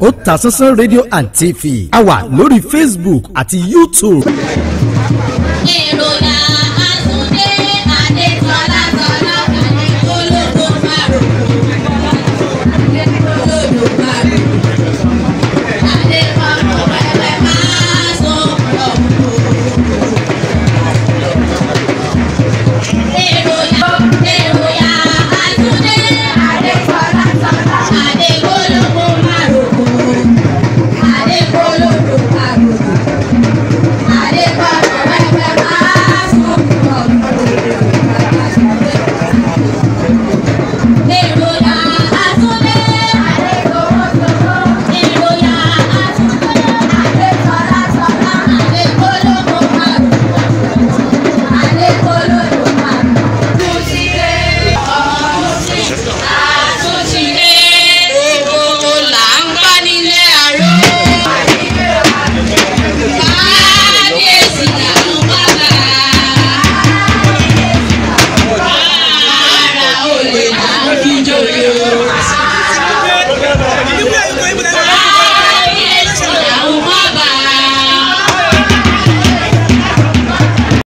ó ta sánsán rédíò and tv a wà lórí facebook àti youtube.